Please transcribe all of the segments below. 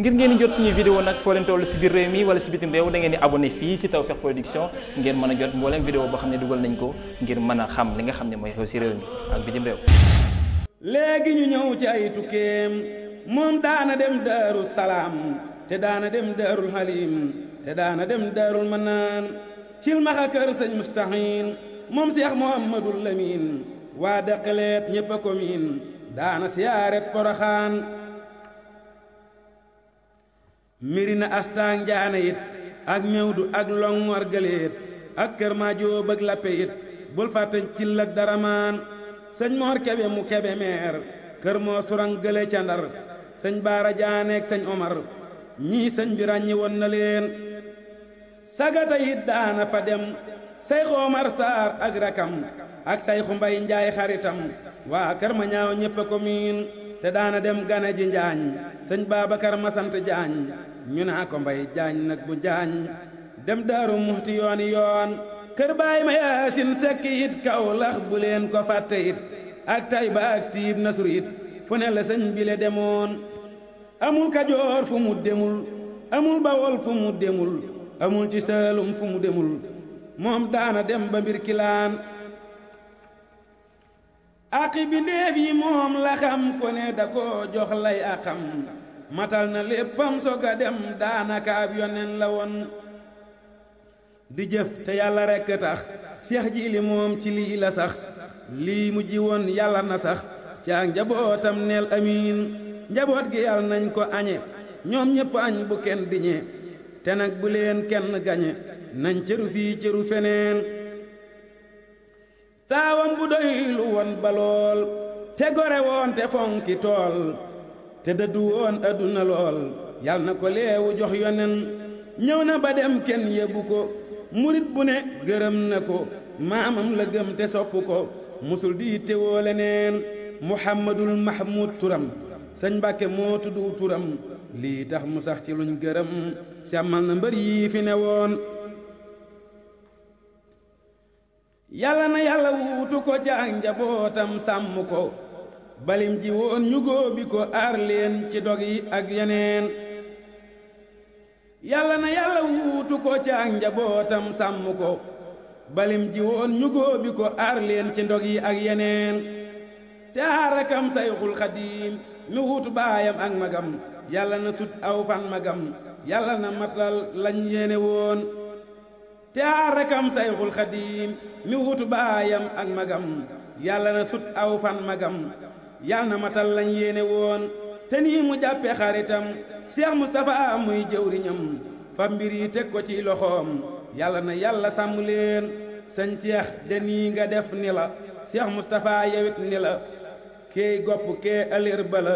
ngir ngeen di jot suñuy vidéo nag foo leen toll si biir réew mi wala si bitim réew da di abonné fii si Tawfekh Production ngeen mën a jot mboolem vidéo boo xam ne dugal nañ ko ngir mën a xam li nga xam ne mooy xew si réew mi ak bitim réew. léegi ñu ñëw ci ay tukkeem moom daana dem daaru salaam te daana dem daarul halim te daana dem daarul manaan cilmaxa kër sëñ mustahin moom seex muhammadul lamin waa daqaleet ñépp a ko miin daana siyaare poroxaan mirina asta njaane it ak ñëwdu ak longoor gële ak kër maa jóob ak lappe it bul fàttañ cill ak daramaan sëñ moor kebe mu kebe meer kër moo surang gële ca ndar sëñ baara jaaneeg sëñ omar ñii sëñ bi ràññi woon na leen sagata it daana fa dem sayxu omar saar ak rakam ak sayxu mbay njaay xaritam waa kër ma ñaaw ñépp ko miin te daana dem gana ji njaañ sëñ Babacar ma sant jaañ ñu naa ko mbay jaañ nag bu jaañ dem daaru muxti yooni yoon kër baay ma yaasin sekk it kawlax bu leen ko fàtte it ak tayba ak tiib nasur it fu ne la sëñ bile demoon amul kajoor fu mu demul amul bawol fu mu demul amul ci saalum fu mu demul moom daana dem ba mbir kilaan aqi bi ndéef yi moom la xam ko ne da koo jox matal na léppam soog a dem daanaka ab la woon di jëf te yàlla rekk tax seex ji li moom ci lii la sax lii mu ji woon yàlla na sax caa njabootam neel amiin njaboot gi yàlla nañ ko añe ñoom ñépp añ bu kenn diñe te nag bu leen kenn gañe nañ cëru fii cëru feneen taawam bu doylu woon balool te gore woon te fonki te dëddu woon lool yal na ko leewu jox yonen ñëw na ba dem kenn yebbu ko murit bu ne gërëm na ko maamam la gëm te sopp ko musul di tewoo leneen muhammadul mahmud turam sëñ mbàkke moo tuddu turam lii tax mu sax ci luñ gërëm sàmmal na mbër yi fi yàlla na yàlla wuutu ko ca ak njabootam sàmm ko balim ji woon ñu ko aar leen ci dog yi ak yeneen yàlla na yàlla wuutu ko ca ak njabootam sàmm balim ji woon ñu góobi ko aar leen ci ndog yi ak yeneen te aarakam sayxul xadiim mi wuutu baayam ak magam yàlla na sut aw fan magam yàlla na matal lañ woon te aar rek am sayxul mi wutu ak magam yàlla na sut aw fan magam yàlla na matal lañ yéene woon te nii mu jàppee xaritam Cheikh Moustapha muy jëwriñam fa mbir yi teg ko ci loxoom yàlla na yàlla sàmm leen sëñ de nii nga def ni la Cheikh Moustapha yewit ni gopp kee ëllër bala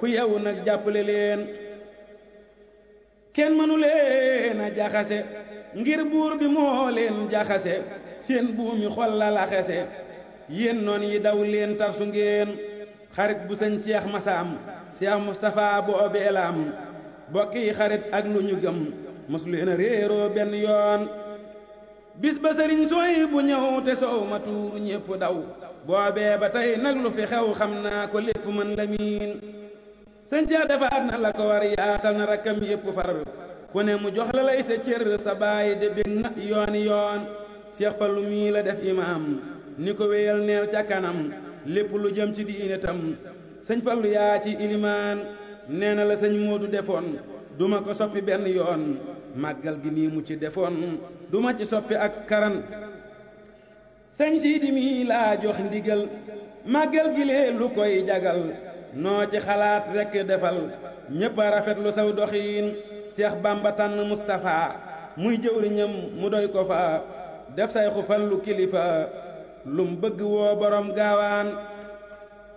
ku yewu nag jàppale leen kenn mënu leen ngir buur bi moo leen jaxase seen buumi xol la laxase yéen noon yi daw leen tarsu ngeen xarit bu sëñ seex masaam seex mustapha boobee la am bokk xarit ak lu ñu gëm mos réeroo benn yoon bis ba sëriñ sooy bu ñëw te soow ma tuuru ñépp daw boobee ba tey nag lu fi xew xam naa ko lépp mën la miin sëñ seex defaat na la ko war yaatal na rakkam yépp far ku ne mu jox la lay sa cër sa baay de bég na yooni yoon Seex Fallu mii la def imaam ni ko wéyal neel ca kanam lépp lu jëm ci diine tam sëñ Fallu yaa ci ilimaan nee na la sëñ Moodu defoon duma ko soppi benn yoon màggal gi nii mu ci defoon duma ci soppi ak karan sëñ Siidi mii laa jox ndigal màggal gi lee lu koy jagal noo ci xalaat rekk defal ñépp a rafet lu saw doxiin Seex Bamba tànn Mustapha muy jëwriñam mu doy ko fa def sayxu fallu kilifa lum bëgg woo borom gaawaan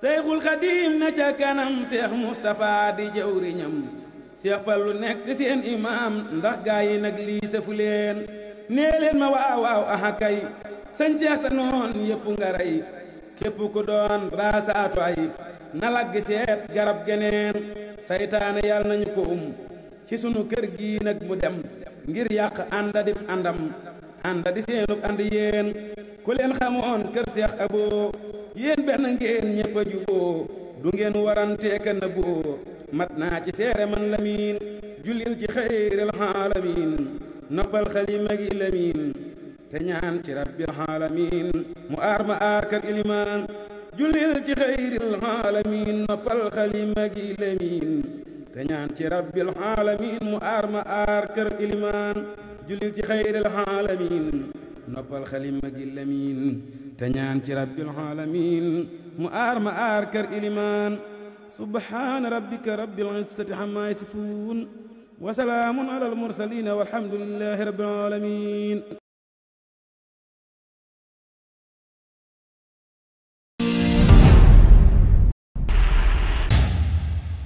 sayxul xadiim na ca kanam Seex Mustapha di jëwriñam Seex Fallu nekk seen imaam ndax gaa nag lii safu leen nee leen ma waaw waaw aha kay Seex sa noon yëpp nga rey képp ku doon raasaatu ay na lagg seet garab geneen saytaane yàlla nañu ko um ci sunu kër gii nag mu dem ngir yàq ànda di àndam ànda di seenub ànd yéen ku leen xamoon kër seex aboo yéen benn ngeen ñëpp a juboo du ngeen waranteeka nëbboo mat naa ci seere man lamin jullil ci xayril xaalamin noppal xalima gi lamin te ñaan ci rabbil xaalamin mu aar ma ilimaan jullil ci xayril xaalamin noppal xalima gi lamin te ñaan ci rabbil alamin mu aar ma aar kër ilimaan julil ci xayril alamin noppal xalima gi lamin te ñaan ci rabbil alamin mu aar ma aar kër ilimaan subhaana rabbika rabbil izzati ammaa yasifuun wa salaamun alal mursaliin walhamdulillaahi rabbil aalamiin